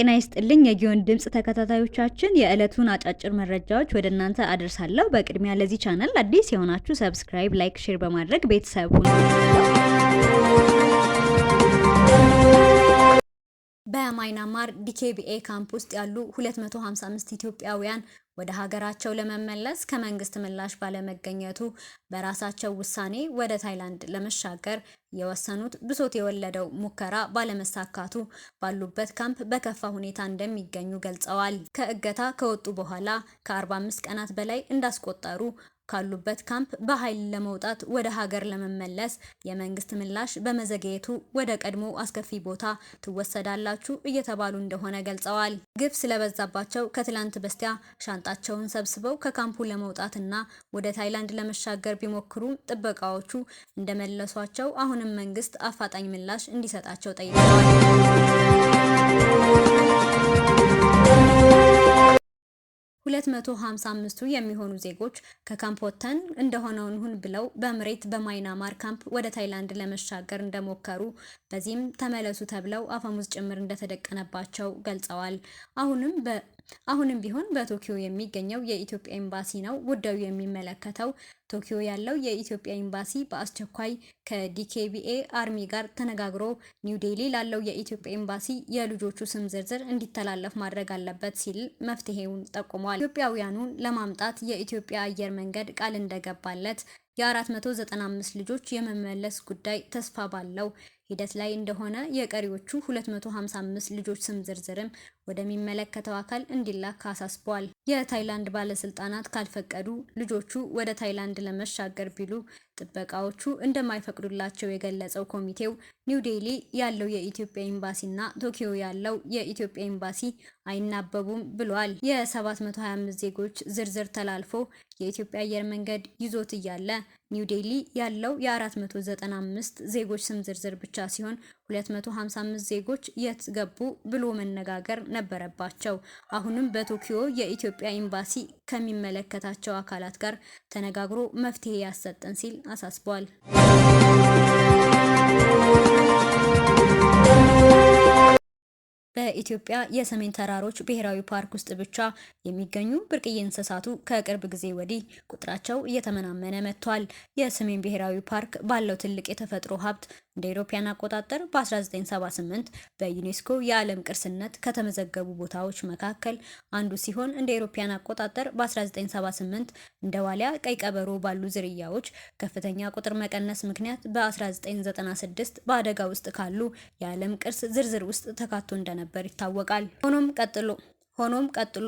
ጤና ይስጥልኝ የጊዮን ድምፅ ተከታታዮቻችን፣ የዕለቱን አጫጭር መረጃዎች ወደ እናንተ አድርሳለሁ በቅድሚያ ለዚህ ቻናል አዲስ የሆናችሁ ሰብስክራይብ፣ ላይክ፣ ሼር በማድረግ ቤተሰብ ሁኑ። በማይናማር ዲኬቢኤ ካምፕ ውስጥ ያሉ 255 ኢትዮጵያውያን ወደ ሀገራቸው ለመመለስ ከመንግስት ምላሽ ባለመገኘቱ በራሳቸው ውሳኔ ወደ ታይላንድ ለመሻገር የወሰኑት ብሶት የወለደው ሙከራ ባለመሳካቱ ባሉበት ካምፕ በከፋ ሁኔታ እንደሚገኙ ገልጸዋል። ከእገታ ከወጡ በኋላ ከ45 ቀናት በላይ እንዳስቆጠሩ ካሉበት ካምፕ በኃይል ለመውጣት ወደ ሀገር ለመመለስ የመንግስት ምላሽ በመዘግየቱ ወደ ቀድሞ አስከፊ ቦታ ትወሰዳላችሁ እየተባሉ እንደሆነ ገልጸዋል። ግፍ ስለበዛባቸው ከትላንት በስቲያ ሻንጣቸውን ሰብስበው ከካምፑ ለመውጣትና ወደ ታይላንድ ለመሻገር ቢሞክሩም ጥበቃዎቹ እንደመለሷቸው አሁንም መንግስት አፋጣኝ ምላሽ እንዲሰጣቸው ጠይቀዋል። 255ቱ የሚሆኑ ዜጎች ከካምፕ ወጥተን እንደሆነው እንሁን ብለው በምሬት በማይናማር ካምፕ ወደ ታይላንድ ለመሻገር እንደሞከሩ በዚህም ተመለሱ ተብለው አፈሙዝ ጭምር እንደተደቀነባቸው ገልጸዋል። አሁንም አሁንም ቢሆን በቶኪዮ የሚገኘው የኢትዮጵያ ኤምባሲ ነው ጉዳዩ የሚመለከተው። ቶኪዮ ያለው የኢትዮጵያ ኤምባሲ በአስቸኳይ ከዲኬቢኤ አርሚ ጋር ተነጋግሮ ኒው ዴሊ ላለው የኢትዮጵያ ኤምባሲ የልጆቹ ስም ዝርዝር እንዲተላለፍ ማድረግ አለበት ሲል መፍትሄውን ጠቁሟል። ኢትዮጵያውያኑን ለማምጣት የኢትዮጵያ አየር መንገድ ቃል እንደገባለት የ495 ልጆች የመመለስ ጉዳይ ተስፋ ባለው ሂደት ላይ እንደሆነ የቀሪዎቹ 255 ልጆች ስም ዝርዝርም ወደሚመለከተው አካል እንዲላክ አሳስበዋል። የታይላንድ ባለስልጣናት ካልፈቀዱ ልጆቹ ወደ ታይላንድ ለመሻገር ቢሉ ጥበቃዎቹ እንደማይፈቅዱላቸው የገለጸው ኮሚቴው ኒው ዴሊ ያለው የኢትዮጵያ ኤምባሲና ቶኪዮ ያለው የኢትዮጵያ ኤምባሲ አይናበቡም ብሏል። የ725 ዜጎች ዝርዝር ተላልፎ የኢትዮጵያ አየር መንገድ ይዞት እያለ ኒው ዴሊ ያለው የ495 ዜጎች ስም ዝርዝር ብቻ ሲሆን 255 ዜጎች የት ገቡ ብሎ መነጋገር ነበረባቸው። አሁንም በቶኪዮ የኢትዮጵያ ኤምባሲ ከሚመለከታቸው አካላት ጋር ተነጋግሮ መፍትሄ ያሰጠን ሲል አሳስቧል። በኢትዮጵያ የሰሜን ተራሮች ብሔራዊ ፓርክ ውስጥ ብቻ የሚገኙ ብርቅዬ እንስሳቱ ከቅርብ ጊዜ ወዲህ ቁጥራቸው እየተመናመነ መጥቷል። የሰሜን ብሔራዊ ፓርክ ባለው ትልቅ የተፈጥሮ ሀብት እንደ ኢሮፓያን አቆጣጠር በ1978 በዩኔስኮ የዓለም ቅርስነት ከተመዘገቡ ቦታዎች መካከል አንዱ ሲሆን እንደ ኢሮፓያን አቆጣጠር በ1978 እንደ ዋሊያ፣ ቀይ ቀበሮ ባሉ ዝርያዎች ከፍተኛ ቁጥር መቀነስ ምክንያት በ1996 በአደጋ ውስጥ ካሉ የዓለም ቅርስ ዝርዝር ውስጥ ተካቶ እንደነበር ይታወቃል። ሆኖም ቀጥሎ ሆኖም ቀጥሎ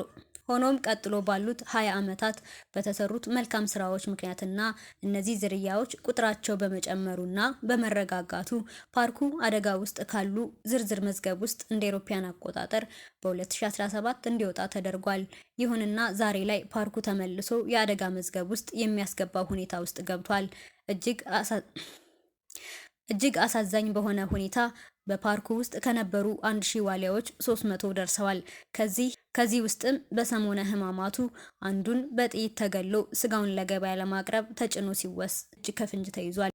ሆኖም ቀጥሎ ባሉት ሀያ ዓመታት በተሰሩት መልካም ስራዎች ምክንያትና እነዚህ ዝርያዎች ቁጥራቸው በመጨመሩና በመረጋጋቱ ፓርኩ አደጋ ውስጥ ካሉ ዝርዝር መዝገብ ውስጥ እንደ ኤሮፓያን አቆጣጠር በ2017 እንዲወጣ ተደርጓል። ይሁንና ዛሬ ላይ ፓርኩ ተመልሶ የአደጋ መዝገብ ውስጥ የሚያስገባ ሁኔታ ውስጥ ገብቷል። እጅግ እጅግ አሳዛኝ በሆነ ሁኔታ በፓርኩ ውስጥ ከነበሩ አንድ ሺህ ዋሊያዎች ሶስት መቶ ደርሰዋል። ከዚህ ከዚህ ውስጥም በሰሞነ ህማማቱ አንዱን በጥይት ተገሎ ስጋውን ለገበያ ለማቅረብ ተጭኖ ሲወስ እጅ ከፍንጅ ተይዟል።